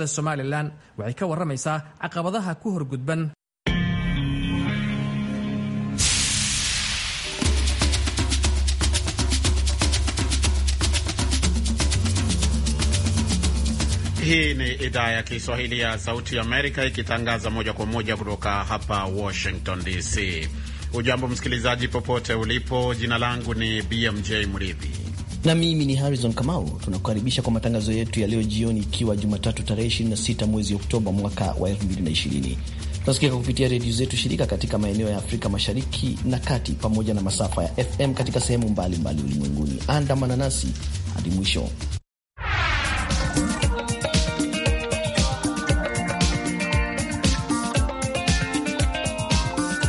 Somalilan waxay ka waramaysaa caqabadaha ku horgudban Hii ni idhaa ya Kiswahili ya Sauti Amerika ikitangaza moja kwa moja kutoka hapa Washington DC. Ujambo msikilizaji, popote ulipo. Jina langu ni BMJ Mridhi na mimi ni Harrison Kamau. Tunakukaribisha kwa matangazo yetu ya leo jioni, ikiwa Jumatatu tarehe 26 mwezi Oktoba mwaka wa 2020. Tunasikika kupitia redio zetu shirika katika maeneo ya Afrika Mashariki na Kati, pamoja na masafa ya FM katika sehemu mbalimbali ulimwenguni. Andamana nasi hadi mwisho.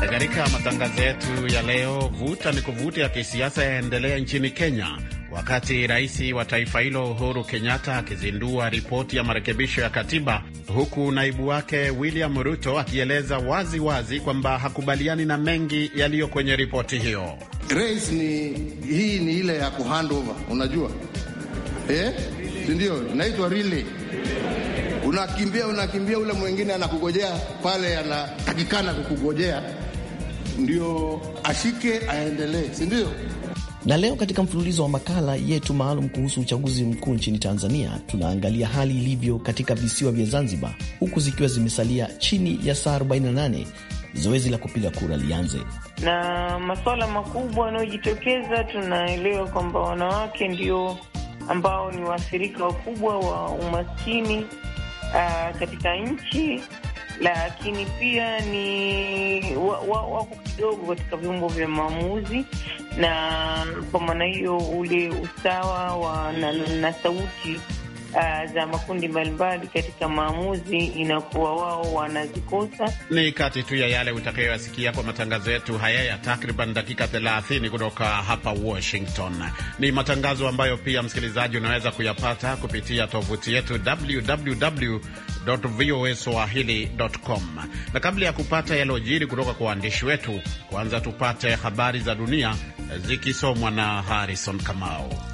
Katika matangazo yetu ya leo, vuta ni kuvuta ya kisiasa yaendelea nchini Kenya wakati rais wa taifa hilo Uhuru Kenyatta akizindua ripoti ya marekebisho ya katiba, huku naibu wake William Ruto akieleza wazi wazi kwamba hakubaliani na mengi yaliyo kwenye ripoti hiyo. Rais ni hii ni ile ya kuhandover, unajua eh? Sindio, inaitwa rile. Unakimbia, unakimbia, ule mwingine anakugojea pale, anatakikana kukugojea ndio ashike aendelee, sindio? Na leo katika mfululizo wa makala yetu maalum kuhusu uchaguzi mkuu nchini Tanzania, tunaangalia hali ilivyo katika visiwa vya Zanzibar, huku zikiwa zimesalia chini ya saa 48 zoezi la kupiga kura lianze. Na masuala makubwa yanayojitokeza, tunaelewa kwamba wanawake ndio ambao ni waathirika wakubwa wa umaskini uh, katika nchi lakini pia ni wako kidogo katika vyombo vya maamuzi, na kwa maana hiyo ule usawa wa na, na sauti uh, za makundi mbalimbali katika maamuzi inakuwa wao wanazikosa. Ni kati tu ya yale utakayoyasikia kwa matangazo yetu haya ya takriban dakika 30 kutoka hapa Washington. Ni matangazo ambayo pia msikilizaji unaweza kuyapata kupitia tovuti yetu www swahili.com. Na kabla ya kupata yalojiri kutoka kwa waandishi wetu, kwanza tupate habari za dunia zikisomwa na Harrison Kamau.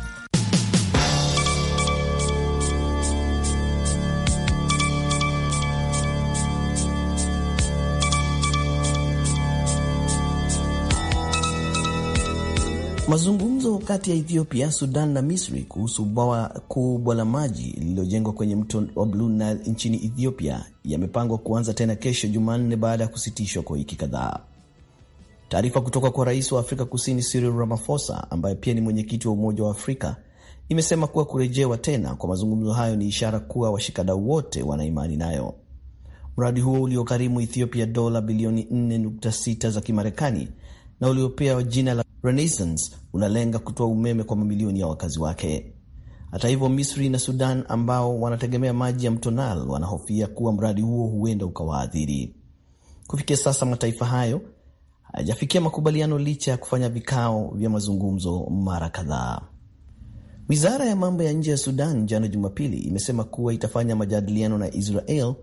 Mazungumzo kati ya Ethiopia, Sudan na Misri kuhusu bwawa kubwa la maji lililojengwa kwenye mto wa Blue Nile nchini Ethiopia yamepangwa kuanza tena kesho Jumanne baada ya kusitishwa kwa wiki kadhaa. Taarifa kutoka kwa rais wa Afrika Kusini Cyril Ramaphosa, ambaye pia ni mwenyekiti wa Umoja wa Afrika, imesema kuwa kurejewa tena kwa mazungumzo hayo ni ishara kuwa washikadau wote wana imani nayo. Mradi huo uliogharimu Ethiopia dola bilioni 4.6 za Kimarekani na uliopewa jina la Renaissance unalenga kutoa umeme kwa mamilioni ya wakazi wake. Hata hivyo, Misri na Sudan ambao wanategemea maji ya mto Nile wanahofia kuwa mradi huo huenda ukawaathiri. Kufikia sasa mataifa hayo hayajafikia makubaliano licha ya kufanya vikao vya mazungumzo mara kadhaa. Wizara ya mambo ya nje ya Sudan jana Jumapili imesema kuwa itafanya majadiliano na Israel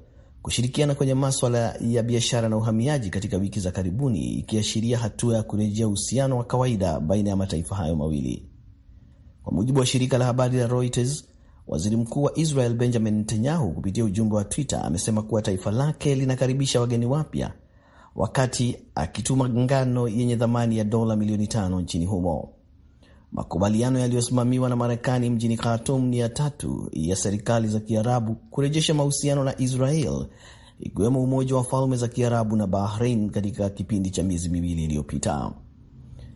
kushirikiana kwenye maswala ya biashara na uhamiaji katika wiki za karibuni, ikiashiria hatua ya kurejea uhusiano wa kawaida baina ya mataifa hayo mawili. Kwa mujibu wa shirika la habari la Reuters, waziri mkuu wa Israel Benjamin Netanyahu kupitia ujumbe wa Twitter amesema kuwa taifa lake linakaribisha wageni wapya, wakati akituma ngano yenye thamani ya dola milioni tano nchini humo. Makubaliano yaliyosimamiwa na Marekani mjini Khartum ni ya tatu ya serikali za Kiarabu kurejesha mahusiano na Israel, ikiwemo Umoja wa Falme za Kiarabu na Bahrain katika kipindi cha miezi miwili iliyopita.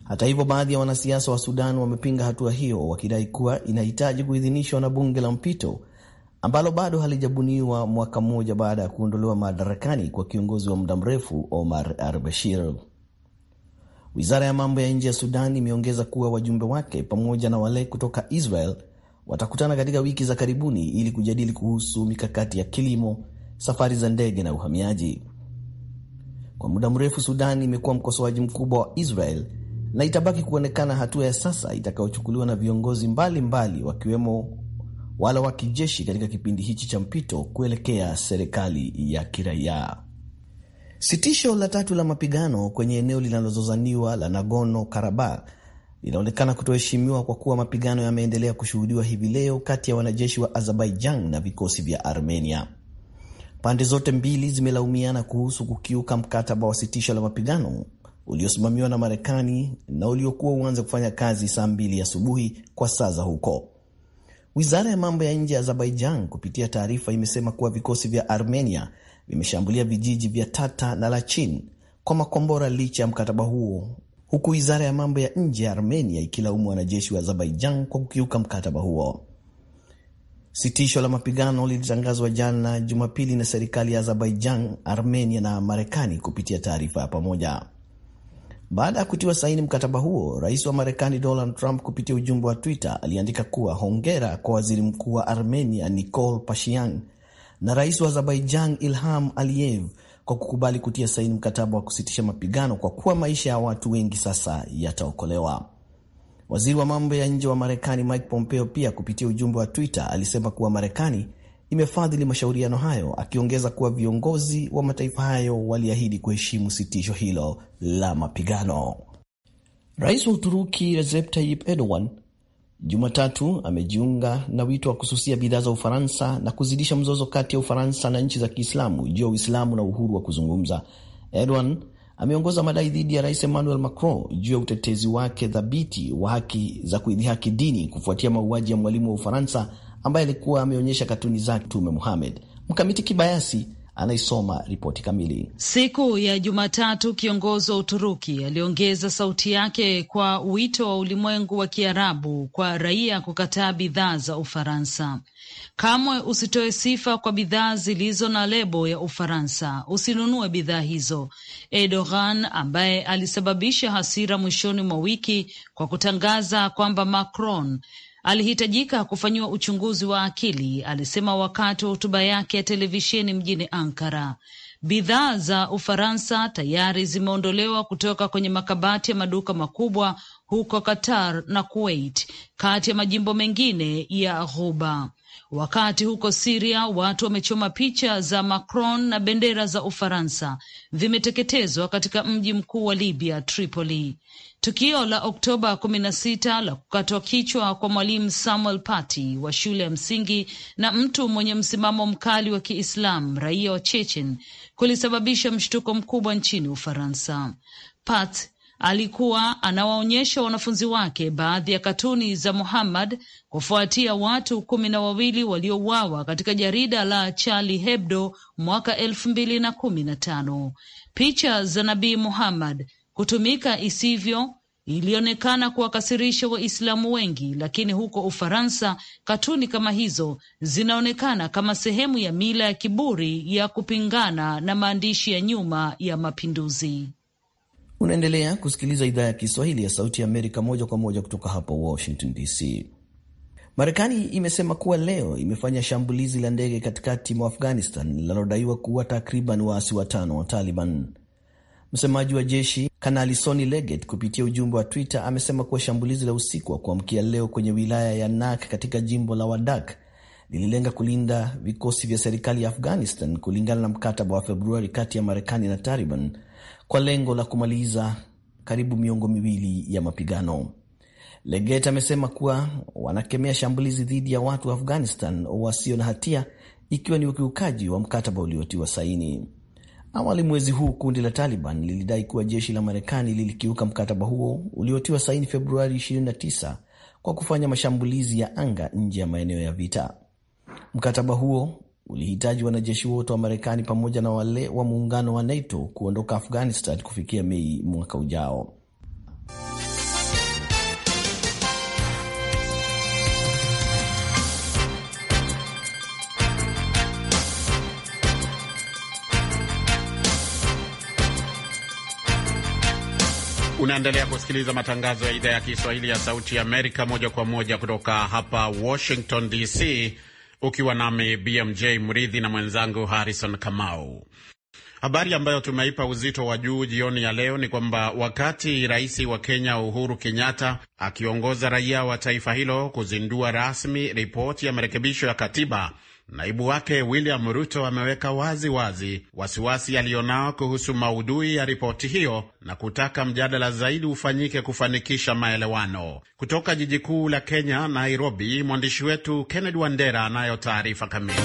Hata hivyo, baadhi ya wanasiasa wa Sudan wamepinga hatua hiyo, wakidai kuwa inahitaji kuidhinishwa na bunge la mpito ambalo bado halijabuniwa mwaka mmoja baada ya kuondolewa madarakani kwa kiongozi wa muda mrefu Omar al-Bashir. Wizara ya mambo ya nje ya Sudan imeongeza kuwa wajumbe wake pamoja na wale kutoka Israel watakutana katika wiki za karibuni ili kujadili kuhusu mikakati ya kilimo, safari za ndege na uhamiaji. Kwa muda mrefu, Sudan imekuwa mkosoaji mkubwa wa Israel na itabaki kuonekana hatua ya sasa itakayochukuliwa na viongozi mbalimbali wakiwemo wala wa kijeshi katika kipindi hichi cha mpito kuelekea serikali ya kiraia. Sitisho la tatu la mapigano kwenye eneo linalozozaniwa la Nagorno Karabakh linaonekana kutoheshimiwa kwa kuwa mapigano yameendelea kushuhudiwa hivi leo kati ya wanajeshi wa Azerbaijan na vikosi vya Armenia. Pande zote mbili zimelaumiana kuhusu kukiuka mkataba wa sitisho la mapigano uliosimamiwa na Marekani na uliokuwa uanze kufanya kazi saa mbili asubuhi kwa saa za huko. Wizara ya mambo ya nje ya Azerbaijan kupitia taarifa imesema kuwa vikosi vya Armenia vimeshambulia vijiji vya Tata na Lachin kwa makombora licha ya mkataba huo, huku wizara ya mambo ya nje ya Armenia ikilaumu wanajeshi wa Azerbaijan kwa kukiuka mkataba huo. Sitisho la mapigano lilitangazwa jana Jumapili na serikali ya Azerbaijan, Armenia na Marekani kupitia taarifa ya pamoja. Baada ya kutiwa saini mkataba huo, rais wa Marekani Donald Trump kupitia ujumbe wa Twitter aliandika kuwa hongera kwa waziri mkuu wa Armenia Nikol Pashinyan na rais wa Azerbaijan Ilham Aliyev kwa kukubali kutia saini mkataba wa kusitisha mapigano kwa kuwa maisha ya watu wengi sasa yataokolewa. Waziri wa mambo ya nje wa Marekani Mike Pompeo pia kupitia ujumbe wa Twitter alisema kuwa Marekani imefadhili mashauriano hayo, akiongeza kuwa viongozi wa mataifa hayo waliahidi kuheshimu sitisho hilo la mapigano. Rais wa Uturuki Recep Tayyip Erdogan Jumatatu amejiunga na wito wa kususia bidhaa za Ufaransa na kuzidisha mzozo kati ya Ufaransa na nchi za Kiislamu juu ya Uislamu na uhuru wa kuzungumza. Erdogan ameongoza madai dhidi ya Rais Emmanuel Macron juu ya utetezi wake dhabiti wa haki za kuidhihaki dini kufuatia mauaji ya mwalimu wa Ufaransa ambaye alikuwa ameonyesha katuni zake Mtume Muhammad. Mkamiti Kibayasi Anaisoma ripoti kamili. Siku ya Jumatatu, kiongozi wa Uturuki aliongeza sauti yake kwa wito wa ulimwengu wa Kiarabu kwa raia kukataa bidhaa za Ufaransa. Kamwe usitoe sifa kwa bidhaa zilizo na lebo ya Ufaransa, usinunue bidhaa hizo. Erdogan ambaye alisababisha hasira mwishoni mwa wiki kwa kutangaza kwamba Macron alihitajika kufanyiwa uchunguzi wa akili, alisema wakati wa hotuba yake ya televisheni mjini Ankara. Bidhaa za Ufaransa tayari zimeondolewa kutoka kwenye makabati ya maduka makubwa huko Qatar na Kuwait, kati ya majimbo mengine ya Ghuba. Wakati huko Siria watu wamechoma picha za Macron na bendera za Ufaransa vimeteketezwa katika mji mkuu wa Libya, Tripoli. Tukio la Oktoba 16 la kukatwa kichwa kwa mwalimu Samuel Paty wa shule ya msingi na mtu mwenye msimamo mkali wa Kiislamu raia wa Chechen kulisababisha mshtuko mkubwa nchini Ufaransa. Pat alikuwa anawaonyesha wanafunzi wake baadhi ya katuni za Muhammad kufuatia watu kumi na wawili waliouawa katika jarida la Charlie Hebdo mwaka elfu mbili na kumi na tano. Picha za Nabii Muhammad kutumika isivyo ilionekana kuwakasirisha Waislamu wengi, lakini huko Ufaransa katuni kama hizo zinaonekana kama sehemu ya mila ya kiburi ya kupingana na maandishi ya nyuma ya mapinduzi. Unaendelea kusikiliza idhaa ya Kiswahili ya Sauti ya Amerika moja kwa moja kutoka hapa Washington DC. Marekani imesema kuwa leo imefanya shambulizi la ndege katikati mwa Afghanistan linalodaiwa kuwa takriban waasi watano wa Taliban. Msemaji wa jeshi Kanali Soni Leget kupitia ujumbe wa Twitter amesema kuwa shambulizi la usiku wa kuamkia leo kwenye wilaya ya Nak katika jimbo la Wadak lililenga kulinda vikosi vya serikali ya Afghanistan kulingana na mkataba wa Februari kati ya Marekani na Taliban kwa lengo la kumaliza karibu miongo miwili ya mapigano. Leget amesema kuwa wanakemea shambulizi dhidi ya watu wa Afghanistan wasio na hatia ikiwa ni ukiukaji wa mkataba uliotiwa saini. Awali mwezi huu kundi la Taliban lilidai kuwa jeshi la Marekani lilikiuka mkataba huo uliotiwa saini Februari 29 kwa kufanya mashambulizi ya anga nje ya maeneo ya vita. Mkataba huo ulihitaji wanajeshi wote wa Marekani pamoja na wale wa muungano wa NATO kuondoka Afghanistan kufikia Mei mwaka ujao. Unaendelea kusikiliza matangazo ya idhaa ya Kiswahili ya Sauti ya Amerika moja kwa moja kutoka hapa Washington DC, ukiwa nami BMJ Mridhi na mwenzangu Harrison Kamau. Habari ambayo tumeipa uzito wa juu jioni ya leo ni kwamba wakati rais wa Kenya Uhuru Kenyatta akiongoza raia wa taifa hilo kuzindua rasmi ripoti ya marekebisho ya katiba Naibu wake William Ruto ameweka wazi wazi wasiwasi yaliyonao kuhusu maudhui ya ripoti hiyo na kutaka mjadala zaidi ufanyike kufanikisha maelewano. Kutoka jiji kuu la Kenya, Nairobi, mwandishi wetu Kennedy Wandera anayo taarifa kamili.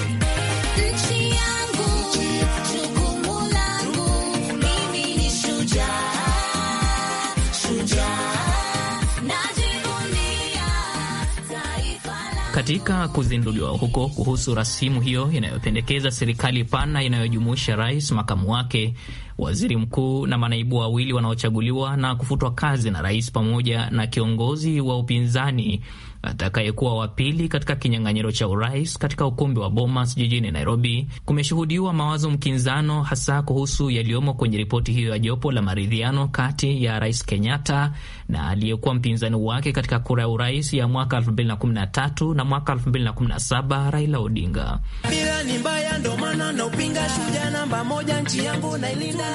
Katika kuzinduliwa huko kuhusu rasimu hiyo inayopendekeza serikali pana inayojumuisha rais, makamu wake waziri mkuu na manaibu wawili wanaochaguliwa na kufutwa kazi na rais pamoja na kiongozi wa upinzani atakayekuwa wa pili katika kinyang'anyiro cha urais katika ukumbi wa Bomas jijini Nairobi. Kumeshuhudiwa mawazo mkinzano, hasa kuhusu yaliyomo kwenye ripoti hiyo ya jopo la maridhiano kati ya rais Kenyatta na aliyekuwa mpinzani wake katika kura ya urais ya mwaka 2013 na mwaka 2017 Raila Odinga. Bila ni mbaya, ndo maana naupinga, shujaa namba moja, nchi yangu nailinda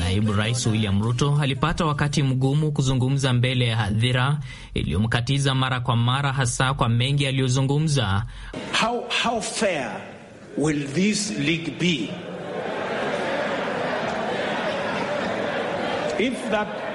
Naibu Rais William Ruto alipata wakati mgumu kuzungumza mbele ya hadhira iliyomkatiza mara kwa mara, hasa kwa mengi aliyozungumza. How, how fair will this league be if that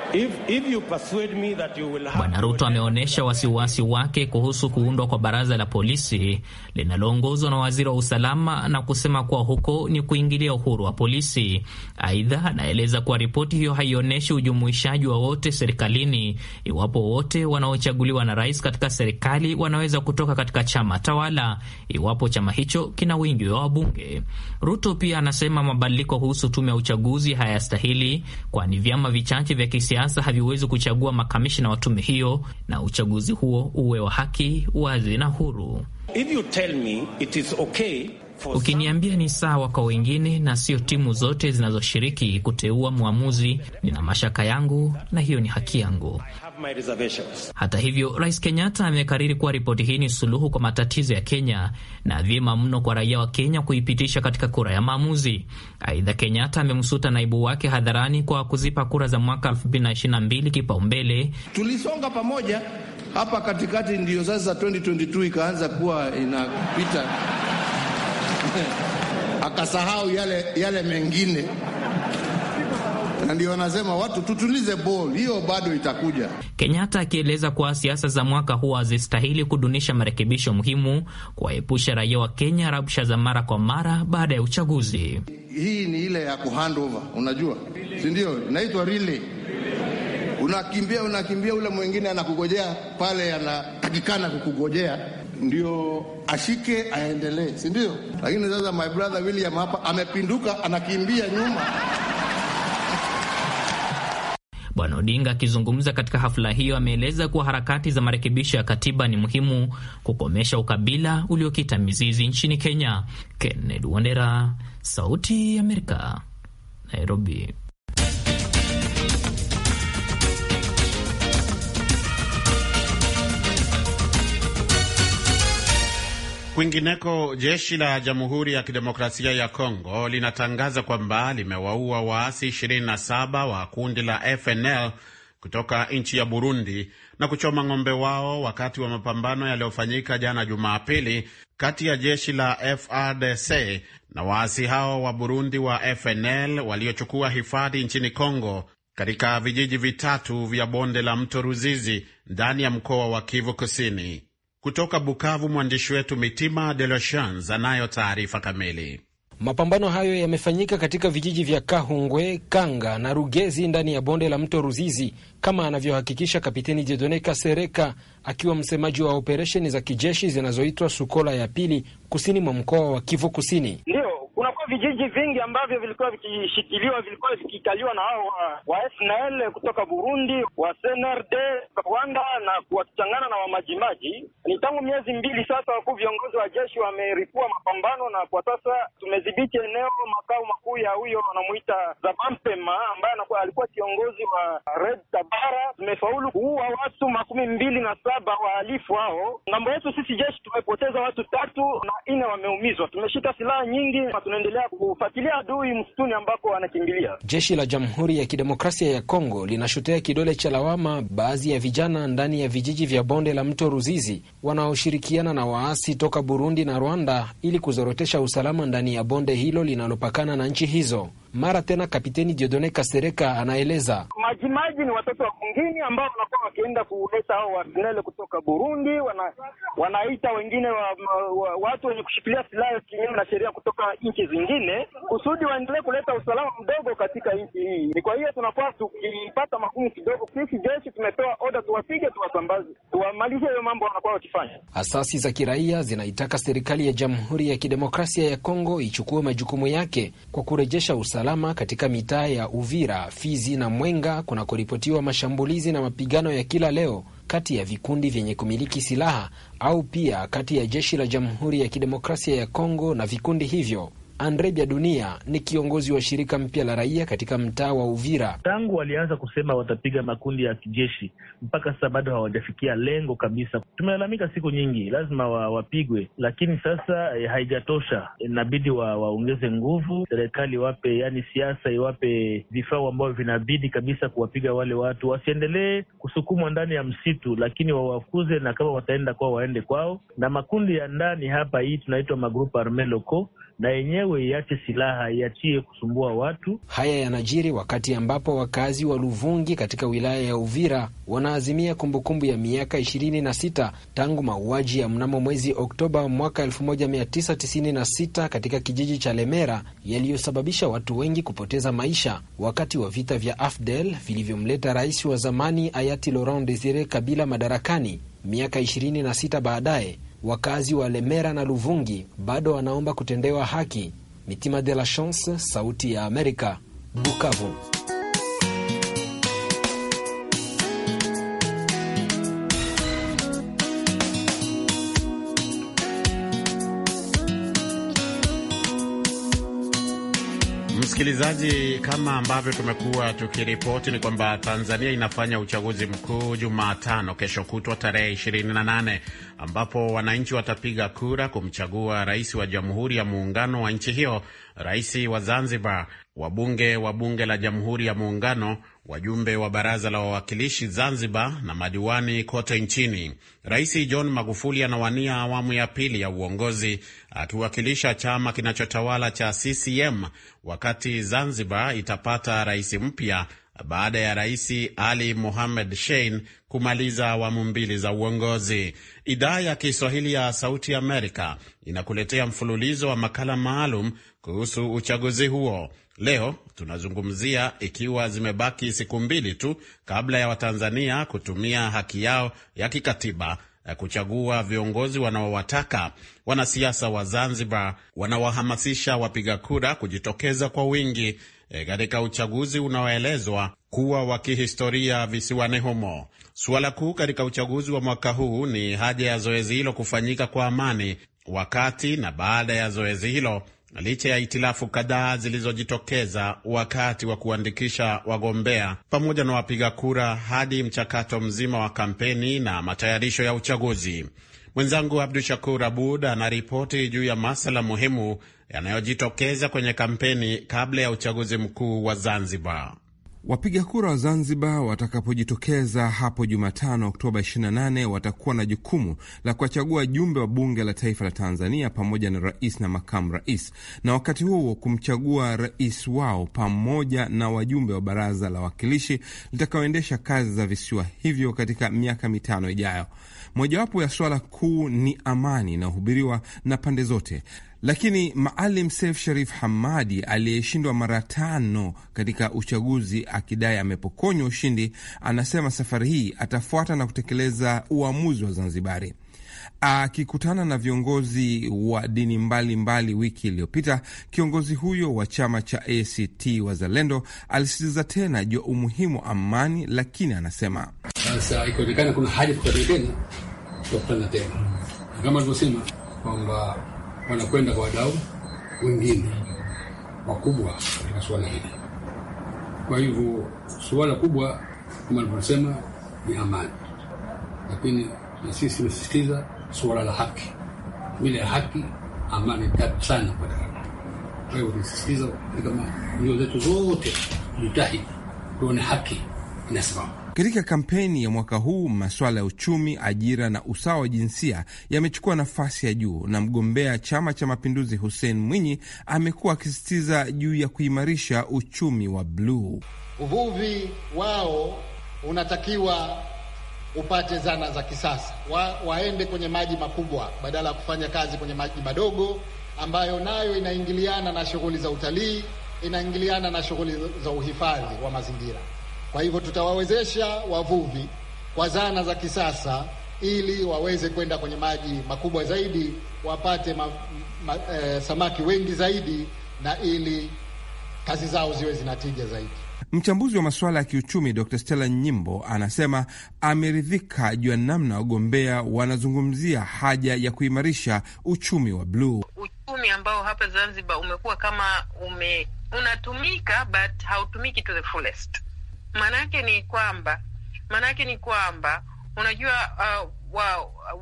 Bwana Ruto ameonyesha wasiwasi wake kuhusu kuundwa kwa baraza la polisi linaloongozwa na waziri wa usalama na kusema kuwa huko ni kuingilia uhuru wa polisi. Aidha, anaeleza kuwa ripoti hiyo haionyeshi ujumuishaji wawote serikalini, iwapo wote wanaochaguliwa na rais katika serikali wanaweza kutoka katika chama tawala, iwapo chama hicho kina wingi wa wabunge. Ruto pia anasema mabadiliko kuhusu tume ya uchaguzi hayastahili, kwani vyama vichache vya kisiasa Ufaransa haviwezi kuchagua makamishina wa tume hiyo, na uchaguzi huo uwe wa haki, wazi na huru. If you tell me it is okay Ukiniambia ni sawa kwa wengine na sio timu zote zinazoshiriki kuteua mwamuzi, nina mashaka yangu, na hiyo ni haki yangu my reservations. Hata hivyo, Rais Kenyatta amekariri kuwa ripoti hii ni suluhu kwa matatizo ya Kenya na vyema mno kwa raia wa Kenya kuipitisha katika kura ya maamuzi. Aidha, Kenyatta amemsuta naibu wake hadharani kwa kuzipa kura za mwaka 2022 kipaumbele. Tulisonga pamoja hapa katikati, ndiyo sasa 2022 ikaanza kuwa inapita akasahau yale, yale mengine na ndio wanasema watu tutulize bol, hiyo bado itakuja. Kenyatta akieleza kuwa siasa za mwaka huu hazistahili kudunisha marekebisho muhimu kuwaepusha raia wa Kenya rabsha za mara kwa mara baada ya uchaguzi. Hii ni ile ya kuhandover, unajua sindio, inaitwa relay unakimbia unakimbia, ule mwingine anakugojea pale, anatakikana kukugojea ndio ashike aendelee, si ndio? Lakini sasa my brother William hapa amepinduka, anakimbia nyuma Bwana Odinga akizungumza katika hafla hiyo ameeleza kuwa harakati za marekebisho ya katiba ni muhimu kukomesha ukabila uliokita mizizi nchini Kenya. Kennedy Wandera, Sauti ya Amerika, Nairobi. Kwingineko, jeshi la Jamhuri ya Kidemokrasia ya Kongo linatangaza kwamba limewaua waasi 27 wa kundi la FNL kutoka nchi ya Burundi na kuchoma ng'ombe wao wakati wa mapambano yaliyofanyika jana Jumapili kati ya jeshi la FRDC na waasi hao wa Burundi wa FNL waliochukua hifadhi nchini Kongo katika vijiji vitatu vya bonde la mto Ruzizi ndani ya mkoa wa Kivu Kusini. Kutoka Bukavu, mwandishi wetu Mitima De Lashans anayo taarifa kamili. Mapambano hayo yamefanyika katika vijiji vya Kahungwe, Kanga na Rugezi ndani ya bonde la mto Ruzizi, kama anavyohakikisha Kapiteni Jedoneka Sereka akiwa msemaji wa operesheni za kijeshi zinazoitwa Sukola ya pili kusini mwa mkoa wa Kivu Kusini. Ndiyo vijiji vingi ambavyo vilikuwa vikishikiliwa vilikuwa vikikaliwa na hao wa FNL kutoka Burundi, wa CNRD Rwanda na wakichangana na wamajimaji. Ni tangu miezi mbili sasa, wakuu viongozi wa jeshi wameripua mapambano, na kwa sasa tumedhibiti eneo makao makuu ya huyo wanamuita Zabampema ambaye anakuwa alikuwa kiongozi wa Red Tabara. Tumefaulu kuua watu makumi mbili na saba wahalifu hao. Ngambo yetu sisi jeshi tumepoteza watu tatu na nne wameumizwa. Tumeshika silaha nyingi na tunaendelea kuendelea kufuatilia adui msituni ambako wanakimbilia. Jeshi la Jamhuri ya Kidemokrasia ya Kongo linashutea kidole cha lawama baadhi ya vijana ndani ya vijiji vya bonde la mto Ruzizi wanaoshirikiana na waasi toka Burundi na Rwanda ili kuzorotesha usalama ndani ya bonde hilo linalopakana na nchi hizo. Mara tena Kapiteni Diodone Kasereka anaeleza majimaji ni watoto wa kungini ambao wanakuwa wakienda kuleta hao wasinele kutoka Burundi, wana, wanaita wengine wa, wa, watu wenye kushikilia silaha kinyume na sheria kutoka nchi zingine kusudi waendelee kuleta usalama mdogo katika nchi hii. Ni kwa hiyo tunakuwa tukipata magumu kidogo, sisi jeshi tumepewa oda tuwapige, tuwasambaze, tuwamalize hiyo mambo wanakuwa wakifanya. Asasi za kiraia zinaitaka serikali ya Jamhuri ya Kidemokrasia ya Kongo ichukue majukumu yake kwa kurejesha usalama usalama katika mitaa ya Uvira, Fizi na Mwenga kunakoripotiwa mashambulizi na mapigano ya kila leo kati ya vikundi vyenye kumiliki silaha au pia kati ya jeshi la Jamhuri ya Kidemokrasia ya Kongo na vikundi hivyo. Andre Bya Dunia ni kiongozi wa shirika mpya la raia katika mtaa wa Uvira. Tangu walianza kusema watapiga makundi ya kijeshi, mpaka sasa bado hawajafikia lengo kabisa. Tumelalamika siku nyingi, lazima wa, wapigwe, lakini sasa eh, haijatosha. Inabidi wa, waongeze nguvu, serikali iwape, yani siasa iwape vifaa ambavyo vinabidi kabisa kuwapiga wale watu, wasiendelee kusukumwa ndani ya msitu, lakini wawakuze na kama wataenda kwao waende kwao, na makundi ya ndani hapa, hii tunaitwa magrupu arme loco na yenyewe yenyewe iache silaha, iachie kusumbua watu. Haya yanajiri wakati ambapo wakazi wa Luvungi katika wilaya ya Uvira wanaazimia kumbukumbu ya miaka 26 tangu mauaji ya mnamo mwezi Oktoba mwaka 1996 katika kijiji cha Lemera yaliyosababisha watu wengi kupoteza maisha wakati wa vita vya AFDEL vilivyomleta rais wa zamani hayati Laurent Desire Kabila madarakani miaka 26 baadaye. Wakazi wa Lemera na Luvungi bado wanaomba kutendewa haki. Mitima de la Chance, Sauti ya Amerika, Bukavu. Msikilizaji, kama ambavyo tumekuwa tukiripoti ni kwamba Tanzania inafanya uchaguzi mkuu Jumatano, kesho kutwa, tarehe 28, ambapo wananchi watapiga kura kumchagua rais wa Jamhuri ya Muungano wa nchi hiyo, rais wa Zanzibar, wabunge wa Bunge la Jamhuri ya Muungano wajumbe wa baraza la wawakilishi Zanzibar na madiwani kote nchini. Rais John Magufuli anawania awamu ya pili ya uongozi akiwakilisha chama kinachotawala cha CCM, wakati Zanzibar itapata rais mpya baada ya Rais Ali Mohamed Shein kumaliza awamu mbili za uongozi. Idhaa ya Kiswahili ya Sauti Amerika inakuletea mfululizo wa makala maalum kuhusu uchaguzi huo. Leo tunazungumzia ikiwa zimebaki siku mbili tu kabla ya Watanzania kutumia haki yao ya kikatiba eh, kuchagua viongozi wanaowataka. Wanasiasa wa Zanzibar wanawahamasisha wapiga kura kujitokeza kwa wingi eh, katika e, uchaguzi unaoelezwa kuwa wa kihistoria visiwani humo. Suala kuu katika uchaguzi wa mwaka huu ni haja ya zoezi hilo kufanyika kwa amani, wakati na baada ya zoezi hilo na licha ya itilafu kadhaa zilizojitokeza wakati wa kuandikisha wagombea pamoja na wapiga kura hadi mchakato mzima wa kampeni na matayarisho ya uchaguzi. Mwenzangu Abdu Shakur Abud anaripoti juu ya masala muhimu yanayojitokeza kwenye kampeni kabla ya uchaguzi mkuu wa Zanzibar. Wapiga kura wa Zanzibar watakapojitokeza hapo Jumatano Oktoba 28 watakuwa na jukumu la kuwachagua jumbe wa bunge la taifa la Tanzania pamoja na rais na makamu rais, na wakati huo kumchagua rais wao pamoja na wajumbe wa baraza la wawakilishi litakaoendesha kazi za visiwa hivyo katika miaka mitano ijayo. Mojawapo ya suala kuu ni amani inayohubiriwa na pande zote lakini Maalim Seif Sharif Hamadi aliyeshindwa mara tano katika uchaguzi akidai amepokonywa ushindi, anasema safari hii atafuata na kutekeleza uamuzi wa Zanzibari. Akikutana na viongozi wa dini mbalimbali mbali wiki iliyopita, kiongozi huyo wa chama cha ACT Wazalendo alisisitiza tena juu ya umuhimu wa amani, lakini anasema sasa ikionekana kuna haja kukutana tena, tutakutana tena kama alivyosema kwamba wanakwenda kwa wadau wengine wakubwa katika suala hili. Kwa hivyo suala kubwa kama alivyosema ni amani, lakini na sisi tumesisitiza suala la haki. Bila ya haki, amani tatu sana kupatikana. Kwa hivyo tunasisitiza kama mbio zetu zote, jitahidi tuone haki inasimama. Katika kampeni ya mwaka huu, masuala ya uchumi, ajira na usawa wa jinsia yamechukua nafasi ya juu, na mgombea Chama cha Mapinduzi Hussein Mwinyi amekuwa akisisitiza juu ya kuimarisha uchumi wa bluu. Uvuvi wao unatakiwa upate zana za kisasa wa, waende kwenye maji makubwa badala ya kufanya kazi kwenye maji madogo ambayo nayo inaingiliana na shughuli za utalii, inaingiliana na shughuli za uhifadhi wa mazingira. Kwa hivyo tutawawezesha wavuvi kwa zana za kisasa ili waweze kwenda kwenye maji makubwa zaidi, wapate ma, ma, e, samaki wengi zaidi na ili kazi zao ziwe zinatija zaidi. Mchambuzi wa masuala ya kiuchumi Dr. Stella Nyimbo anasema ameridhika juu ya namna wagombea wanazungumzia haja ya kuimarisha uchumi wa bluu, uchumi ambao hapa Zanzibar umekuwa kama ume, unatumika but hautumiki to the fullest Maanake ni kwamba maanake ni kwamba unajua, uh,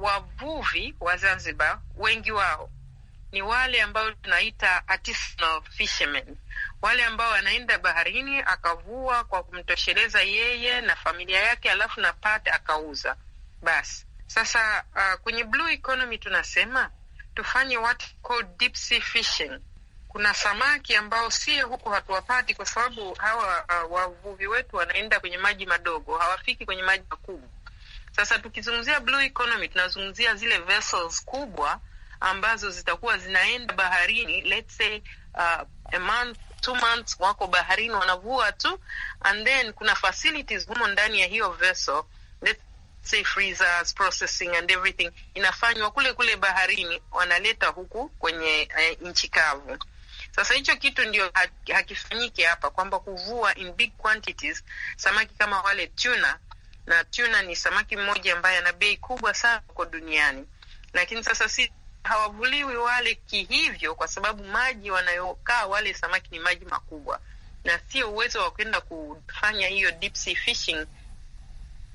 wavuvi wa, Zanzibar wengi wao ni wale ambao tunaita artisanal fishermen, wale ambao wanaenda baharini akavua kwa kumtosheleza yeye na familia yake, alafu na akauza. Basi sasa, uh, kwenye blue economy tunasema tufanye what called deep sea fishing kuna samaki ambao sio huko hatuwapati kwa sababu hawa uh, wavuvi wetu wanaenda kwenye maji madogo, hawafiki kwenye maji makubwa. Sasa tukizungumzia blue economy, tunazungumzia zile vessels kubwa ambazo zitakuwa zinaenda baharini, let's say uh, a month two months, wako baharini wanavua tu, and then kuna facilities humo ndani ya hiyo vessel, let's say freezers, processing and everything inafanywa kule kule baharini, wanaleta huku kwenye uh, nchi kavu. Sasa hicho kitu ndio hakifanyike hapa, kwamba kuvua in big quantities samaki kama wale tuna, na tuna ni samaki mmoja ambaye ana bei kubwa sana huko duniani, lakini sasa si hawavuliwi wale kihivyo, kwa sababu maji wanayokaa wale samaki ni maji makubwa, na sio uwezo wa kwenda kufanya hiyo deep sea fishing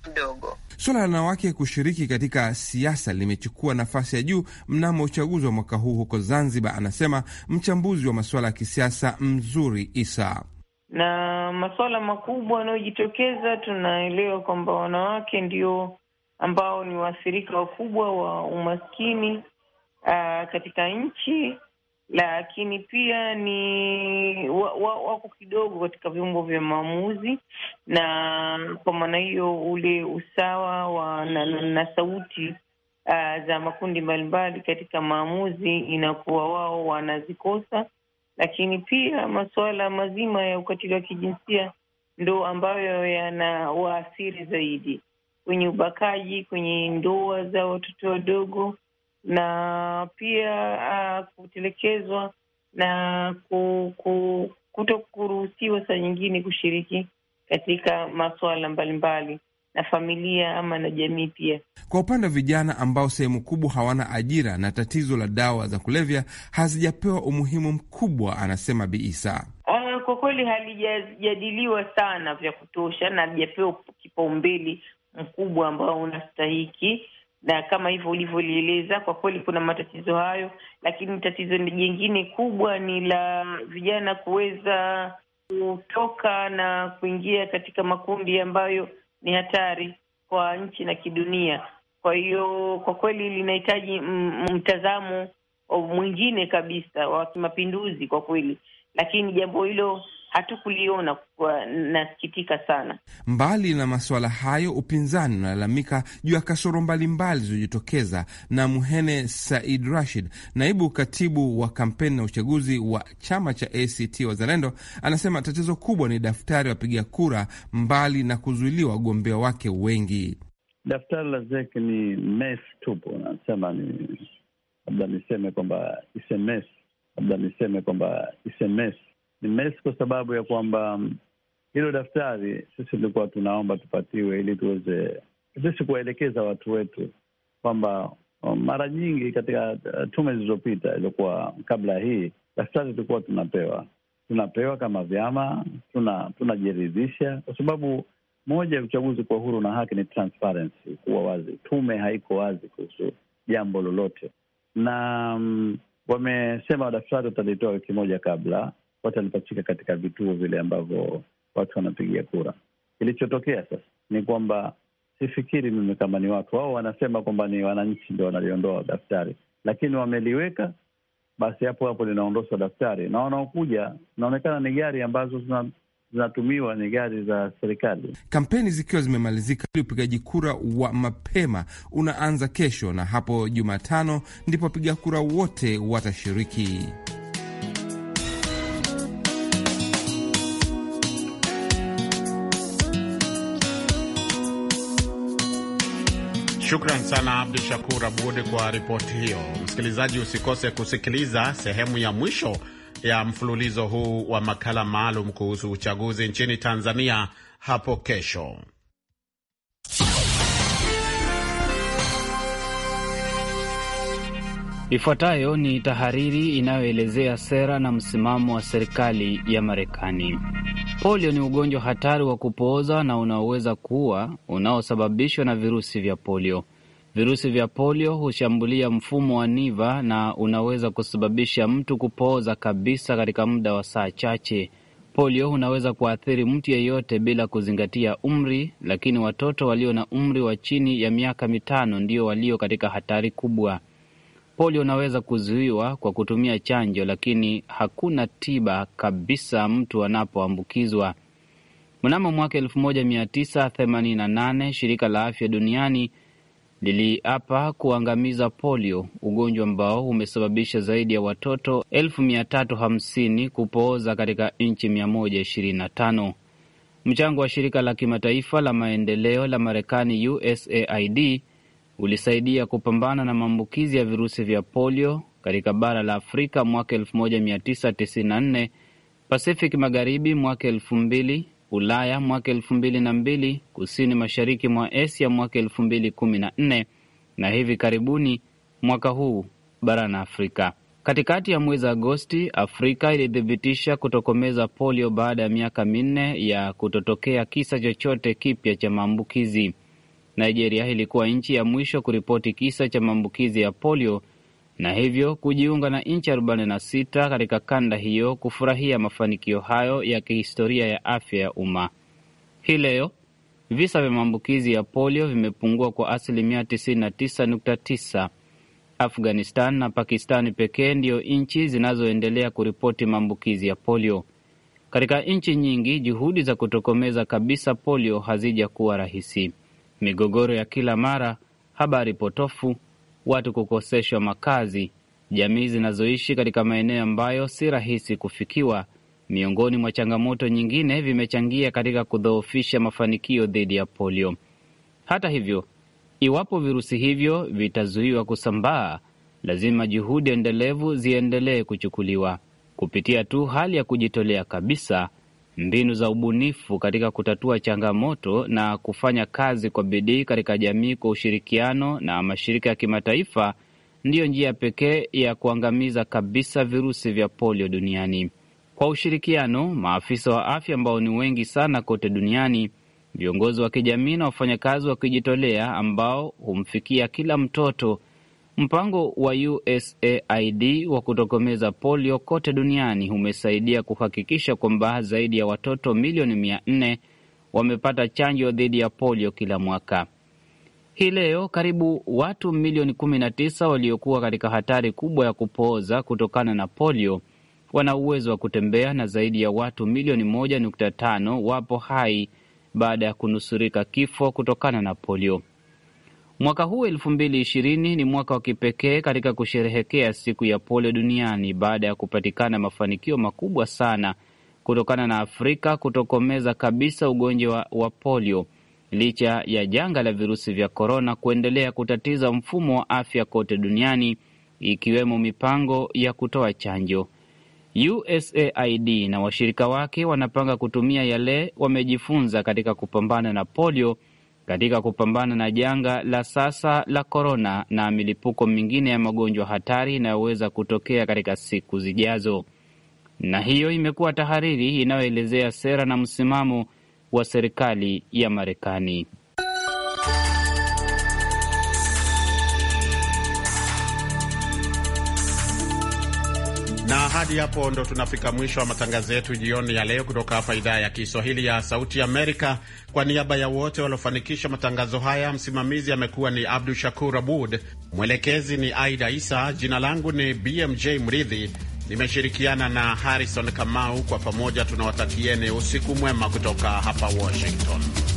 kidogo. Suala la wanawake kushiriki katika siasa limechukua nafasi ya juu mnamo uchaguzi wa mwaka huu huko Zanzibar, anasema mchambuzi wa masuala ya kisiasa Mzuri Isa. Na masuala makubwa yanayojitokeza, tunaelewa kwamba wanawake ndio ambao ni waathirika wakubwa wa umaskini uh, katika nchi lakini pia ni wako kidogo katika vyombo vya maamuzi, na kwa maana hiyo ule usawa wa na, na, na sauti uh, za makundi mbalimbali katika maamuzi inakuwa wao wanazikosa. Lakini pia masuala mazima ya ukatili wa kijinsia ndo ambayo yana waathiri zaidi, kwenye ubakaji, kwenye ndoa za watoto wadogo na pia uh, ah, kutelekezwa na ku, ku, kuto kuruhusiwa saa nyingine kushiriki katika masuala mbalimbali na familia ama na jamii pia. Kwa upande wa vijana ambao sehemu kubwa hawana ajira na tatizo la dawa za kulevya hazijapewa umuhimu mkubwa, anasema Bi Isa. Ah, kwa kweli halijajadiliwa sana vya kutosha na halijapewa kipaumbele mkubwa ambao unastahiki na kama hivyo ulivyolieleza, kwa kweli kuna matatizo hayo, lakini tatizo jingine kubwa ni la vijana kuweza kutoka na kuingia katika makundi ambayo ni hatari kwa nchi na kidunia. Kwa hiyo kwa kweli linahitaji mtazamo mwingine kabisa wa kimapinduzi kwa kweli, lakini jambo hilo hatukuliona. Nasikitika sana. Mbali na masuala hayo, upinzani unalalamika juu ya kasoro mbalimbali zilizojitokeza. Na Muhene Said Rashid, naibu katibu wa kampeni na uchaguzi wa chama cha ACT Wazalendo, anasema tatizo kubwa ni daftari wapiga kura, mbali na kuzuiliwa wagombea wake wengi. Daftari la ZEC ni mes tupu, nasema ni labda niseme kwamba labda niseme kwamba SMS nimesi kwa sababu ya kwamba mm, hilo daftari sisi tulikuwa tunaomba tupatiwe ili tuweze sisi kuwaelekeza watu wetu kwamba mm, mara nyingi katika uh, tume zilizopita iliokuwa kabla hii, daftari tulikuwa tunapewa tunapewa kama vyama tunajiridhisha, tuna kwa sababu moja ya uchaguzi kwa uhuru na haki ni transparency, kuwa wazi. Tume haiko wazi kuhusu jambo lolote, na um, wamesema daftari watalitoa wiki moja kabla wote walipachika katika vituo vile ambavyo watu wanapigia kura. Kilichotokea sasa ni kwamba sifikiri mimi kama ni watu wao wanasema kwamba ni wananchi ndio wanaliondoa daftari, lakini wameliweka basi hapo hapo linaondosha daftari, na wanaokuja inaonekana ni gari ambazo zinatumiwa ni gari za serikali. Kampeni zikiwa zimemalizika, upigaji kura wa mapema unaanza kesho, na hapo Jumatano ndipo wapiga kura wote watashiriki. Shukran sana Abdu Shakur Abud kwa ripoti hiyo. Msikilizaji, usikose kusikiliza sehemu ya mwisho ya mfululizo huu wa makala maalum kuhusu uchaguzi nchini Tanzania hapo kesho. Ifuatayo ni tahariri inayoelezea sera na msimamo wa serikali ya Marekani. Polio ni ugonjwa hatari wa kupooza na unaoweza kuua unaosababishwa na virusi vya polio. Virusi vya polio hushambulia mfumo wa neva na unaweza kusababisha mtu kupooza kabisa katika muda wa saa chache. Polio unaweza kuathiri mtu yeyote bila kuzingatia umri, lakini watoto walio na umri wa chini ya miaka mitano ndio walio katika hatari kubwa. Polio unaweza kuzuiwa kwa kutumia chanjo, lakini hakuna tiba kabisa mtu anapoambukizwa. Mnamo mwaka 1988 shirika la afya duniani liliapa kuangamiza polio, ugonjwa ambao umesababisha zaidi ya watoto 350,000 kupooza katika nchi 125. Mchango wa shirika la kimataifa la maendeleo la Marekani, USAID, ulisaidia kupambana na maambukizi ya virusi vya polio katika bara la Afrika mwaka 1994, Pacific Magharibi mwaka 2000, Ulaya mwaka 2002, kusini mashariki mwa Asia mwaka 2014 na hivi karibuni mwaka huu barani Afrika. Katikati ya mwezi Agosti, Afrika ilithibitisha kutokomeza polio baada ya miaka minne ya kutotokea kisa chochote kipya cha maambukizi. Nigeria ilikuwa nchi ya mwisho kuripoti kisa cha maambukizi ya polio na hivyo kujiunga na nchi 46 katika kanda hiyo kufurahia mafanikio hayo ya kihistoria ya afya ya umma. Hii leo visa vya maambukizi ya polio vimepungua kwa asilimia 99.9. Afghanistan na Pakistani pekee ndiyo nchi zinazoendelea kuripoti maambukizi ya polio. Katika nchi nyingi, juhudi za kutokomeza kabisa polio hazijakuwa rahisi migogoro ya kila mara, habari potofu, watu kukoseshwa makazi, jamii zinazoishi katika maeneo ambayo si rahisi kufikiwa, miongoni mwa changamoto nyingine, vimechangia katika kudhoofisha mafanikio dhidi ya polio. Hata hivyo, iwapo virusi hivyo vitazuiwa kusambaa, lazima juhudi endelevu ziendelee kuchukuliwa kupitia tu hali ya kujitolea kabisa mbinu za ubunifu katika kutatua changamoto na kufanya kazi kwa bidii katika jamii kwa ushirikiano na mashirika ya kimataifa ndiyo njia pekee ya kuangamiza kabisa virusi vya polio duniani. Kwa ushirikiano, maafisa wa afya ambao ni wengi sana kote duniani, viongozi wa kijamii na wafanyakazi wa kujitolea ambao humfikia kila mtoto Mpango wa USAID wa kutokomeza polio kote duniani umesaidia kuhakikisha kwamba zaidi ya watoto milioni mia nne wamepata chanjo dhidi ya polio kila mwaka. Hii leo karibu watu milioni 19 waliokuwa katika hatari kubwa ya kupooza kutokana na polio wana uwezo wa kutembea na zaidi ya watu milioni 1.5 wapo hai baada ya kunusurika kifo kutokana na polio. Mwaka huu elfu mbili ishirini ni mwaka wa kipekee katika kusherehekea siku ya polio duniani baada ya kupatikana mafanikio makubwa sana kutokana na Afrika kutokomeza kabisa ugonjwa wa polio licha ya janga la virusi vya korona kuendelea kutatiza mfumo wa afya kote duniani ikiwemo mipango ya kutoa chanjo. USAID na washirika wake wanapanga kutumia yale wamejifunza katika kupambana na polio katika kupambana na janga la sasa la korona na milipuko mingine ya magonjwa hatari inayoweza kutokea katika siku zijazo. Na hiyo imekuwa tahariri inayoelezea sera na msimamo wa serikali ya Marekani. hadi hapo ndo tunafika mwisho wa matangazo yetu jioni ya leo kutoka hapa idhaa ya Kiswahili ya Sauti Amerika. Kwa niaba ya wote waliofanikisha matangazo haya, msimamizi amekuwa ni Abdu Shakur Abud, mwelekezi ni Aida Isa, jina langu ni BMJ Mridhi, nimeshirikiana na Harrison Kamau. Kwa pamoja tunawatakieni usiku mwema kutoka hapa Washington.